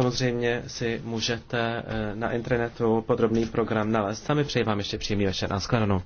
Samozřejmě si můžete eh, na internetu podrobný program nalézt. Sami přeji vám ještě příjemný večer. Naschledanou.